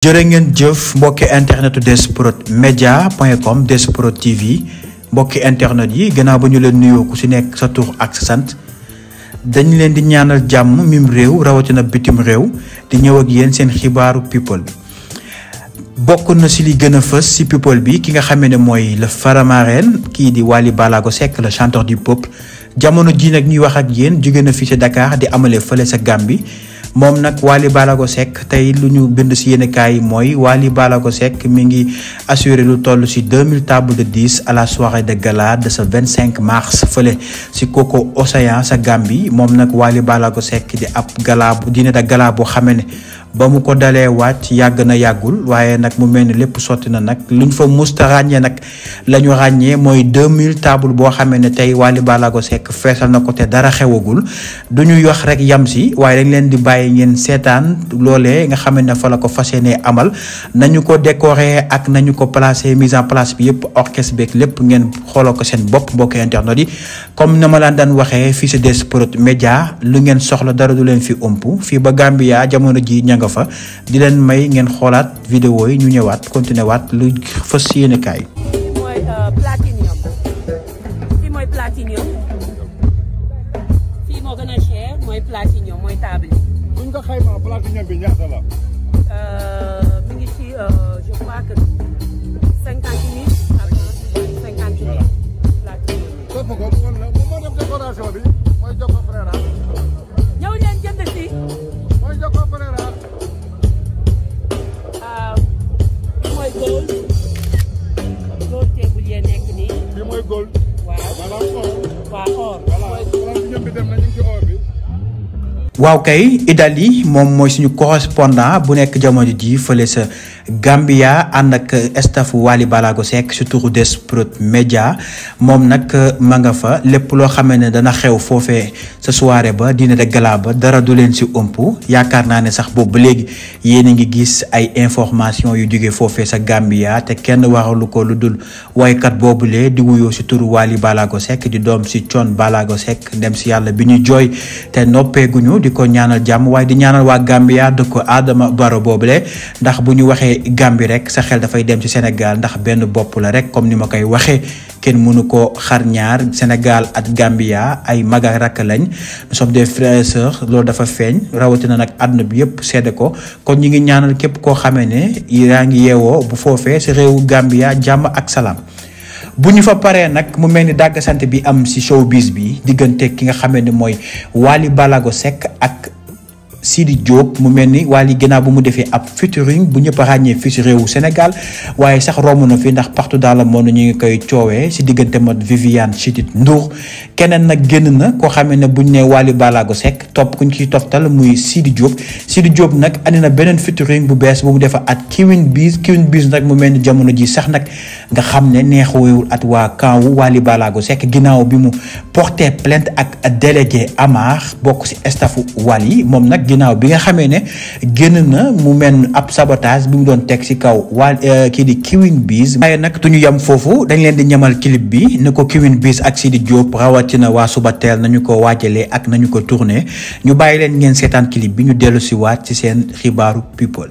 jërë ngeen jëf mbokki internetu Desport Media point com Desport TV mbokki internet yi gannaaw ba ñu leen nuyoo ku si nekk sa tuur ak sant dañ leen di ñaanal jàmm mim réew rawatina bitim réew di ñëw ak yéen seen xibaaru people. bokk na si li gën a fës si people bi ki nga xamee ne mooy la Faramareen kii di Wally Ballago sekk la chanteur du pok jamono ji nag ñuy wax ak yéen jóge na fii si Dakar di amale fële sa bi moom nag Wally Ballago Seck tey lu ñu bind si yenn kaay yi mooy Wally Ballago Seck mi ngi assuré lu toll si 2000 tables de 10 à soirée de gala de ce 25 mars fële si Coco Océan sa Gambie moom nag Wally Ballago Seck di ab gala bu dina da gala boo xamee ne ba mu ko dalee wàcc yàgg na yàggul waaye nag mu mel ni lépp sotti na nag luñ fa musta ràññee nag la ñu ràññee mooy 2000 table boo xamee ne tey Wally Ballago Seck feesal na ko te dara xewagul du ñu wax rek yam si waaye dañ leen di bàyyi ngeen seetaan loole nga xam ne fa la ko fas yéenee amal nañu ko décorer ak nañu ko placer mise en place bi yëpp orchestre beeg lépp ngeen xooloo ko seen bopp mbokki internet yi comme na ma laan daan waxee fii si DS Prod Média lu ngeen soxla dara du leen fi ëmp fii ba nga fa di leen may ngeen xoolaat vidéo yi ñu ñëwaat continué waat lu fas yéene kaay. mooy platinium fii mooy euh, platinium fii waaw or. voilà ñoom bi dem na ñu ngi ci or bi. waaw kay Idali moom mooy suñu correspondant bu nekk jamono ji fële sa Gambia ànd ak staff Wally Balago Seck ci turu Des Prod Média moom nag euh, ma nga fa lépp loo xamee ne dana xew foofee sa soirée ba dina de gala ba dara du leen si ëmp yaakaar naa ne sax boobu ba léegi yéen a ngi gis ay information yu jóge foofe sa Gambia te kenn waxalu ko lu dul waykat boobulee di wuyoo ci turu Wally Balago sekk di doom ci Thione Balago Seck dem si yàlla bi ñu jooy te noppeeguñu di ko ñaanal jàmm waaye di ñaanal waa Gambia dëkk Adama Barrow le ndax bu ñu waxee Gambie rek sa xel dafay dem ci Sénégal ndax benn bopp la rek comme ni ma koy waxee kenn mënu ko xarñaar ñaar ak Gambia ay mag ak rakk lañ nous sommes des frères loolu dafa feeñ rawatina nag àdduna bi yëpp seede ko kon ñi ngi ñaanal képp koo xamee ne yaa ngi yeewoo bu foofee sa réewu Gambia jàmm ak salaam. bu ñu fa paree nag mu mel ni dàgg bi am si showbiz bi diggante ki nga xamee ne mooy Wally Balago Seck ak. Sidi jóob mu mel ni Wally ginnaaw bu mu defee ab featuring bu ñëpp ràññee fii si réewu Sénégal waaye sax romb na fi ndax partout dans le monde ñu ngi koy coowee si diggante mot Viviane Chidid Ndour keneen nag génn na koo xamee ne buñ ne Wally Ballago Seck topp kuñ ciy toftal muy Sidi Diop Sidi jóob nag andi na beneen featuring bu bees bu mu defa at Queen Biz Queen Biz nag mu mel ni jamono ji sax nag nga xam ne neexoowul at waa Kaawu Wally Ballago sekk ginnaaw bi mu porté plainte ak délégué Amar bokk ci stafu staffu yi moom nag ginnaaw bi nga xamee ne génn na mu mel ab sabotage bi mu doon teg ci kaw wal euh, kii di Queen Biz waaye nag duñu yem foofu dañ leen di ñamal clip bi ni ko Queen Biz ak di Sidi Diop na waa na ñu ko waajalee ak na ñu ko tourné ñu bàyyi leen ngeen seetaan clip bi ñu dellu ci waat ci seen xibaaru people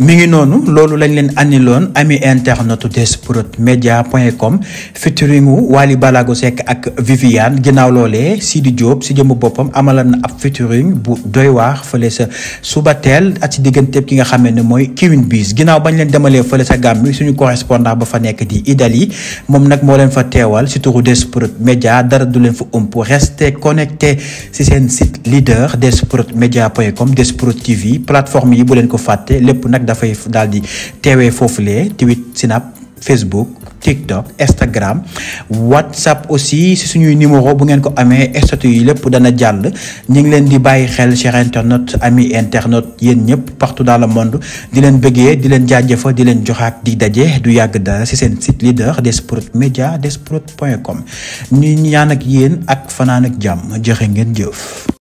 mi ngi noonu loolu lañ leen andiloon ami internet DS Prod Media point com featuringu Wally Balago Seck ak Viviane ginnaaw loolee Sidi Diop si jëmmu boppam amaloon na ab featuring bu doy waar fële sa suba teel ak si digganteeb ki nga xam ne mooy Queen Biz ginnaaw bañ leen demalee fële sa Gàmbi suñu correspondant ba fa nekk di Idali moom nag moo leen fa teewal si turu DS Prod Media dara du leen fa ump restez connecté si seen site leader DS Prod Media point com DS Prod TV yi bu leen ko fàtte lépp nag. dafay daal di teewee foofulee tweet Snap Facebook TikTok Instagram WhatsApp aussi si suñuy numéro bu ngeen ko amee statut yi lépp dana jàll ñu ngi leen di bàyyi xel cher internet ami internet yéen ñëpp partout dans le monde di leen bëggee di leen jaajëfa di leen joxaat di daje du yàgg dara si seen site leader Desport Media Desport point com ñu ñaan ak yéen ak fanaan ak jàmm joxe ngeen jëf.